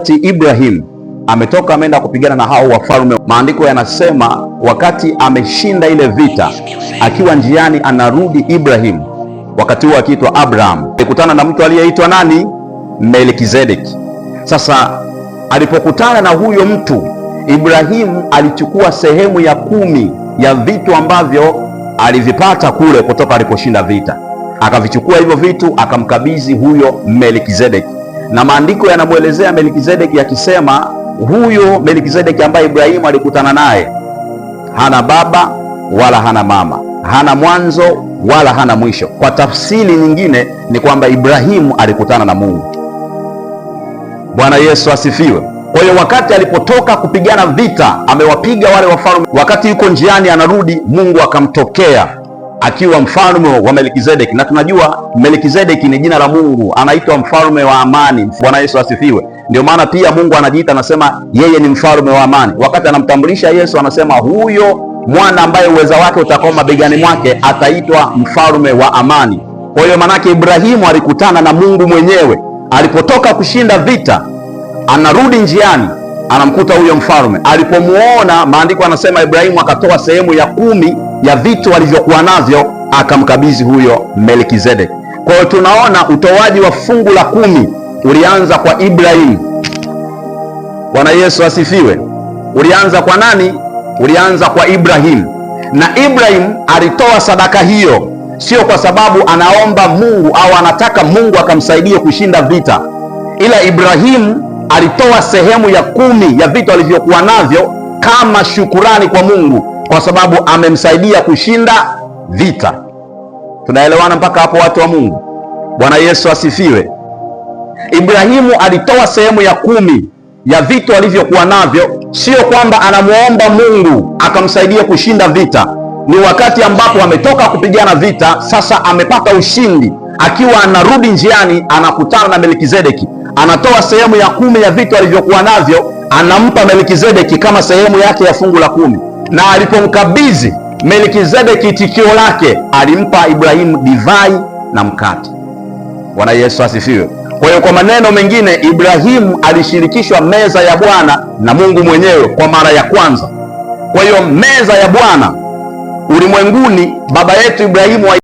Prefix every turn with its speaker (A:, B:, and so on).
A: wakati Ibrahim ametoka ameenda kupigana na hao wafalme, maandiko yanasema wakati ameshinda ile vita, akiwa njiani anarudi Ibrahim, wakati huo akiitwa Abraham, alikutana na mtu aliyeitwa nani? Melkizedeki. Sasa alipokutana na huyo mtu, Ibrahimu alichukua sehemu ya kumi ya vitu ambavyo alivipata kule kutoka aliposhinda vita, akavichukua hivyo vitu akamkabidhi huyo Melkizedeki na maandiko yanamwelezea Melkizedeki ya huyo Melkizedeki ambaye Ibrahimu alikutana naye hana baba wala hana mama, hana mwanzo wala hana mwisho. Kwa tafsiri nyingine ni kwamba Ibrahimu alikutana na Mungu. Bwana Yesu asifiwe. Kwa hiyo wakati alipotoka kupigana vita, amewapiga wale wafalme, wakati yuko njiani anarudi, Mungu akamtokea akiwa mfalme wa Melkizedeki, na tunajua Melkizedeki ni jina la Mungu, anaitwa mfalme wa amani. Bwana Yesu asifiwe. Ndio maana pia Mungu anajiita anasema yeye ni mfalme wa amani. Wakati anamtambulisha Yesu anasema huyo mwana ambaye uweza wake utakoma mabegani mwake ataitwa mfalme wa amani. Kwa hiyo manake Ibrahimu alikutana na Mungu mwenyewe alipotoka kushinda vita, anarudi njiani anamkuta huyo mfalme. Alipomuona maandiko anasema Ibrahimu akatoa sehemu ya kumi ya vitu alivyokuwa navyo akamkabidhi huyo melkizedek Kwa hiyo tunaona utoaji wa fungu la kumi ulianza kwa Ibrahimu. Bwana Yesu asifiwe. Ulianza kwa nani? Ulianza kwa Ibrahimu, na Ibrahimu alitoa sadaka hiyo sio kwa sababu anaomba Mungu au anataka Mungu akamsaidie kushinda vita, ila Ibrahimu alitoa sehemu ya kumi ya vitu alivyokuwa navyo kama shukurani kwa Mungu kwa sababu amemsaidia kushinda vita. Tunaelewana mpaka hapo, watu wa Mungu? Bwana Yesu asifiwe. Ibrahimu alitoa sehemu ya kumi ya vitu alivyokuwa navyo, sio kwamba anamwomba Mungu akamsaidia kushinda vita. Ni wakati ambapo ametoka kupigana vita, sasa amepata ushindi. Akiwa anarudi njiani, anakutana na Melkizedeki, anatoa sehemu ya kumi ya vitu alivyokuwa navyo, anampa Melkizedeki kama sehemu yake ya fungu la kumi na alipomkabidhi Melkizedeki tikio lake, alimpa Ibrahimu divai na mkate. Bwana Yesu asifiwe. Kwa hiyo kwa maneno mengine, Ibrahimu alishirikishwa meza ya Bwana na Mungu mwenyewe kwa mara ya kwanza. Kwa hiyo meza ya Bwana ulimwenguni, baba yetu Ibrahimu wa